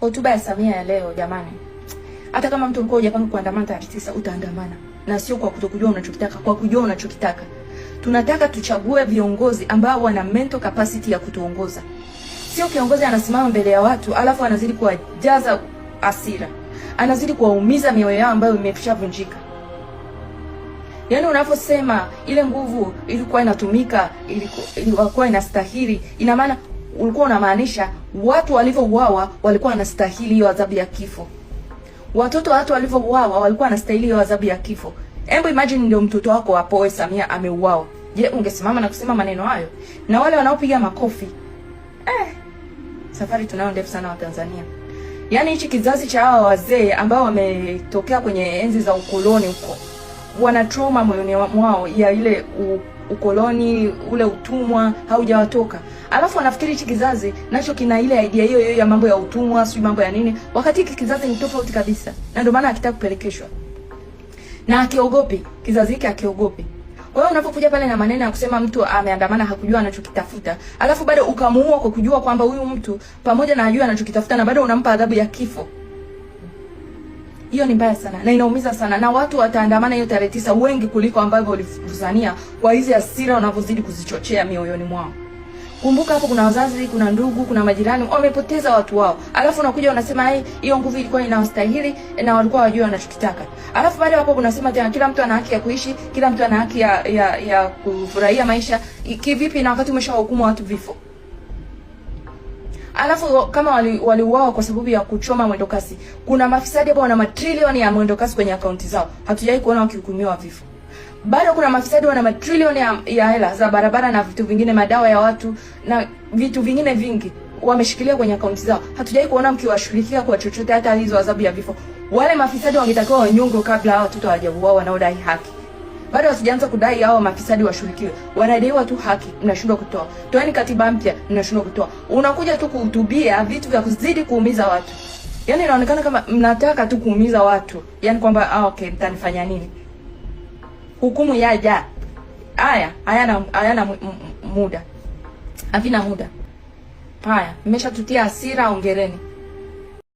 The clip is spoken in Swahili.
Hotuba ya Samia ya leo jamani, hata kama mtu mkoja kama kuandamana tarehe tisa, utaandamana na sio kwa kutokujua unachokitaka, kwa kujua unachokitaka. Tunataka tuchague viongozi ambao wana mental capacity ya kutuongoza, sio kiongozi anasimama mbele ya watu alafu anazidi kuwajaza hasira, anazidi kuwaumiza mioyo yao ambayo imeshavunjika. Yaani unaposema ile nguvu ilikuwa inatumika, ilikuwa inastahili, ina maana ulikuwa unamaanisha watu walivyouawa walikuwa wanastahili hiyo adhabu ya kifo, watoto watu walivyouawa walikuwa wanastahili hiyo adhabu ya kifo. Hebu imagine ndio mtoto wako wapoe Samia ameuawa. Je, ungesimama na kusema maneno hayo? Na wale wanaopiga makofi eh, safari tunayo ndefu sana wa Tanzania. Yaani hichi kizazi cha hawa wazee ambao wametokea kwenye enzi za ukoloni huko wana trauma moyoni mwao ya ile ukoloni ule utumwa haujawatoka alafu wanafikiri hichi kizazi nacho kina ile idea hiyo hiyo ya mambo ya utumwa, sijui mambo ya nini, wakati hiki kizazi ni tofauti kabisa, na ndio maana hakitaka kupelekeshwa na akiogopi, kizazi hiki akiogopi. Kwa hiyo unapokuja pale na maneno ya kusema mtu ameandamana hakujua anachokitafuta, alafu bado ukamuua kwa kujua kwamba huyu mtu pamoja na ajua anachokitafuta na bado unampa adhabu ya kifo, hiyo ni mbaya sana na inaumiza sana, na watu wataandamana hiyo tarehe tisa wengi kuliko ambavyo walifuzania kwa hizi hasira wanavyozidi kuzichochea mioyoni mwao. Kumbuka hapo kuna wazazi, kuna ndugu, kuna majirani wamepoteza watu wao, alafu unakuja unasema hii hiyo nguvu ilikuwa inawastahili na walikuwa wajua wanachokitaka. Alafu baada hapo unasema tena kila mtu ana haki ya kuishi, kila mtu ana haki ya, ya, ya kufurahia maisha kivipi, na wakati umeshawahukumu watu vifo. Alafu kama waliuawa wali kwa sababu ya kuchoma mwendokasi, kuna mafisadi hapo wana matrilioni ya mwendokasi kwenye akaunti zao, hatujai kuona wakihukumiwa vifo. Bado kuna mafisadi wana matrilioni ya, ya hela za barabara na vitu vingine, madawa ya watu na vitu vingine vingi wameshikilia kwenye akaunti zao. Hatujai kuona mkiwashughulikia kwa chochote, hata hizo adhabu ya vifo. Wale mafisadi wangetakiwa wanyongwe kabla hao watoto hawajauawa wanaodai haki. Bado hasijaanza kudai hao mafisadi washughulikiwe, wanadaiwa tu haki, mnashindwa kutoa. Toeni katiba mpya, mnashindwa kutoa. Unakuja tu kuhutubia vitu vya kuzidi kuumiza watu, yaani inaonekana kama mnataka tu kuumiza watu, yaani kwamba ah, okay, mtanifanya nini? hukumu yaja. Haya hayana hayana muda, havina muda. Haya, mmeshatutia hasira, ongereni.